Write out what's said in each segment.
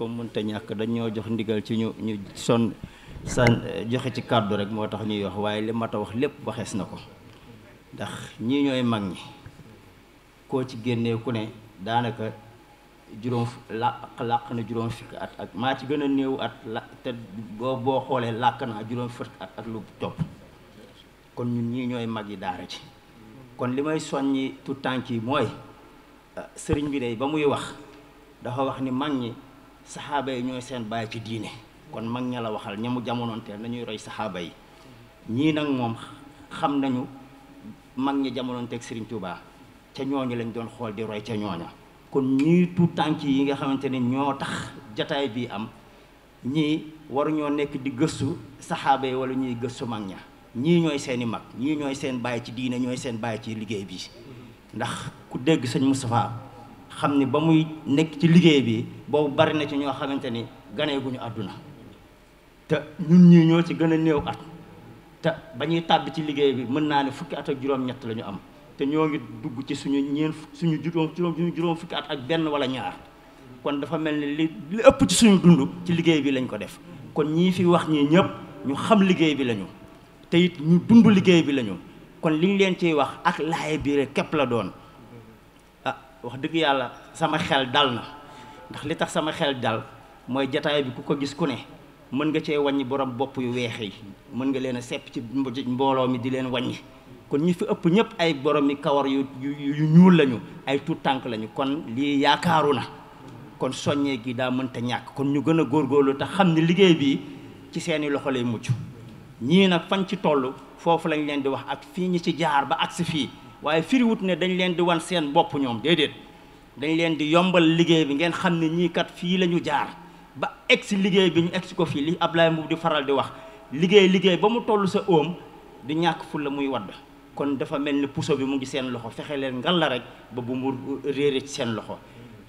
comme mënta ñàkk dañoo jox ndigal ci ñu ñu son sa joxe ci kàddu rek moo tax ñuy wax waaye li mat a wax lépp waxees na ko ndax ñii ñooy mag ñi koo ci génnee ku ne daanaka juróom làq na juróom fukki at ak maa ci gën a néew at la te boo boo xoolee làq naa juróom fukki at ak lu topp kon ñun ñii ñooy mag yi daara ci kon li may soññi tout tànk yi mooy ah, sëriñ bi day ba muy wax dafa wax ni mag ñi saxaaba yi ñooy seen baay ci diine kon mag ña la waxal ña mu jamonoonteel ñuy roy saxaaba yi ñii nag moom xam nañu mag ñi jamonoonteeg Serigne Touba ca ñooñu lañ doon xool di roy ca ñooña kon ñii tuut tànk yi nga xamante ne ñoo tax jataay bii am ñii waruñoo nekk di gëstu saxaaba yi wala ñuy gëstu mag ña ñii ñooy seeni mag ñii ñooy seen baay ci diine ñooy seen baay ci liggéey bi ndax ku dégg sëñ Moustapha xam ni ba muy nekk ci liggéey bi boobu bari na ci ñoo xamante ni ganee guñu àdduna te ñun ñii ñoo ci gën a néew at te ba ñuy tàbb ci liggéey bi mën naa ne fukki at ak juróom-ñett am te ñoo ngi dugg ci suñu ñeen suñu juróom juróom fukki at ak benn wala ñaar kon dafa mel ni li ëpp ci suñu dund ci liggéey bi lañ ko def kon ñii fi wax ñii ñëpp ñu xam liggéey bi lañu te it ñu dund liggéey bi lañu kon liñ leen ciy wax ak laaye biire képp la doon wax dëgg yàlla sama xel dal na ndax li tax sama xel dal mooy jataay bi ku ko gis ku ne mën nga cee wàññi borom bopp yu weex yi mën nga leen a sepp ci mbooloo mi di leen waññi kon ñi fi ëpp ñëpp ay borom yi kawar yu yu yu ñuul lañu ay tuut tànk lañu kon lii yaakaaru na kon soññee gi daa mënta ñàkk kon ñu gën a góorgóorlu te xam ne liggéey bi ci seeni loxo lay mucc ñii nag fañ ci toll foofu lañ leen di wax ak fii ñi ci jaar ba agsi fii waaye firiwut ne dañ leen di wan seen bopp ñoom déedéet dañ leen di yombal liggéey bi ngeen xam ne ñii kat fii la ñu jaar ba egsi liggéey bi ñu egsi ko fii li Ablaye Mbuub di faral di wax liggéey liggéey ba mu toll sa óom di ñàkk fu la muy wadd kon dafa mel ni puso bi mu ngi seen loxo fexe leen ngal la rek ba bu mu réer ci seen loxo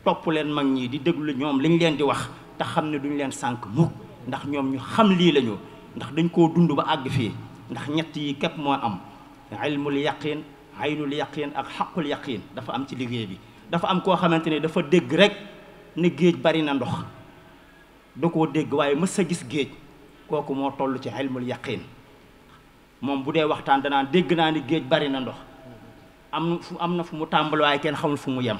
topp leen mag ñi di déglu ñoom li liñ leen di wax te xam ne duñ leen sànk mukk ndax ñoom ñu xam lii lañu ndax dañ koo dund ba àgg fii ndax ñett yi képp moo am ilmul aynul yaqin ak xaqul yaqin dafa am ci liggéey bi dafa am koo xamante ne dafa dégg rek ni géej bari na ndox da koo dégg waaye mës sa gis géej kooku moo toll ci ilmul yaqin moom bu dee waxtaan danaan dégg naa ni géej bari na ndox am fu am na fu mu tàmbal waaye kenn xamul fu mu yem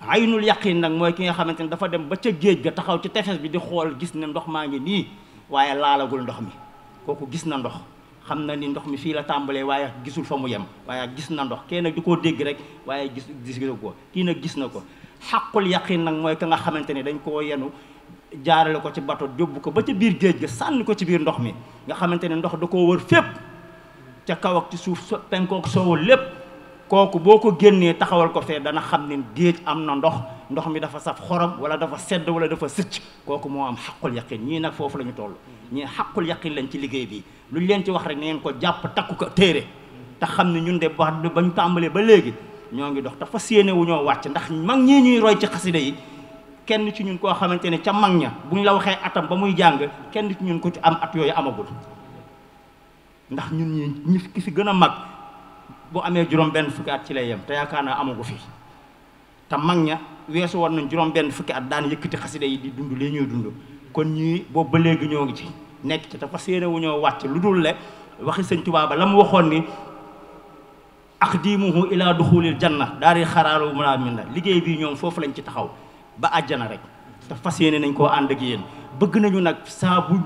aynul yaqin nag mooy ki nga xamante ni dafa dem ba ca géej ga taxaw ci tefes bi di xool gis ne ndox maa ngi nii waaye laalagul ndox mi kooku gis na ndox xam na ni ndox mi fii la tàmbalee waaye gisul fa mu yem waaye gis na ndox kee nag di koo dégg rek waaye gis gis ko kii nag gis na ko xaqul yaqin nag mooy ka nga xamante ni dañ koo yenu jaarale ko ci bato yóbbu ko ba ci biir géej ga sànni ko ci biir ndox mi nga xamante ne ndox da koo wër fépp ca kaw ci suuf penkook soowu lépp kooku boo ko génnee taxawal ko fee dana xam ne géej am na ndox ndox mi dafa saf xorom wala dafa sedd wala dafa sëcc kooku moo am xaqul yaqin ñii nag foofu la ñu toll ñii xaqul yaqin lañ ci liggéey bi luñ leen ci wax rek neen ko jàpp takku ko téere te xam ne ñun de ba bañ tàmbalee ba léegi ñoo ngi dox dafa fas ñoo wàcc ndax mag ñii ñuy roy ci xasida yi kenn ci ñun koo xamante ne ca mag ña bu ñu la waxee atam ba muy jàng kenn ci ñun ko ci am at yooyu amagul ndax gën a mag bu amee juróom benn fukki at ci lay yem te yaakaar naa amagu fi te mag ña weesu woon nañ juróom benn fukki at daan yëkkati xasida yi di dund li ñuy dund kon ñuy boobu ba léegi ñoo ngi ci nekk ci te fas wu ñoo wàcc lu dul le waxi sëñ Tuubaa ba mu waxoon ni axdimuhu ila duxulil janna daal di xaraalu mulaa min na liggéey bi ñoom foofu lañ ci taxaw ba àjjana rek te fas yéene nañ koo ànd ak yéen bëgg nañu nag saa bu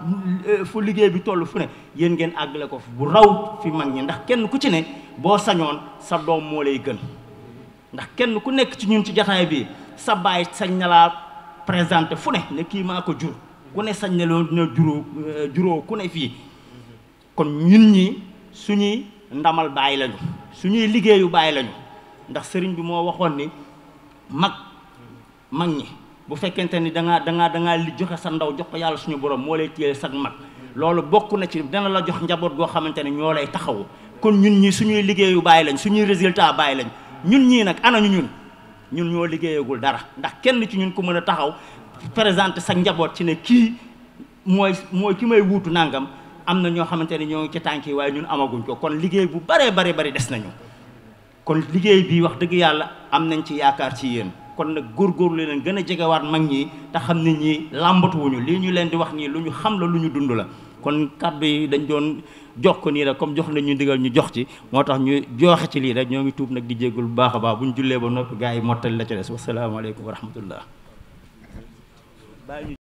fu liggéey bi toll fu ne yéen ngeen àggale ko bu raw fi mag ñi ndax kenn ku ci ne boo sañoon sa doom moo lay gën ndax kenn ku nekk ci ñun ci jataay bi sa baay sañ na laa présenté fu ne ne kii maa ko jur ku ne sañ na loo na juróo euh, ku ne fii kon ñun ñi suñuy ndamal baay lañu suñuy liggéeyu baay lañu ndax sëriñ bi moo waxoon ni mag mag ñi bu fekkente ni da ngaa da ngaa da ngaa li joxe sa ndaw jox ko yàlla suñu borom moo lay téye sag mag loolu bokk na ci dana la jox njaboot goo xamante ne ñoo lay taxawu kon ñun ñi suñuy liggéeyu bàyyi lañ suñuy résultat bàyyi lañ ñun ñii nag ana ñu ñun ñun ñoo liggéeyagul dara ndax kenn ci ñun ku mën a taxaw présenté sa njaboot ci ne kii mooy mooy ki may wuutu nangam am na ñoo xamante ne ñoo ngi ci tànk yi waaye ñun amaguñ ko kon liggéey bu baree bari bari des nañu kon liggéey bi wax dëgg yàlla am nañ ci yaakaar ci yéen kon nag góorgóorlu leen gën a jegewaat mag ñi te xam ne ñii làmbatuwuñu lii ñu leen di wax nii lu ñu xam la lu ñu dund la kon kàddu yi dañ doon jox ko nii rek comme jox nañ ñu digal ñu jox ci moo tax ñu joxe ci lii rek ñoo ngi tuub nag di jéggul bu baax baax bu ñu jullee ba noppi gaa yi mottali la ca des wasalaamaaleykum wa rahmatullah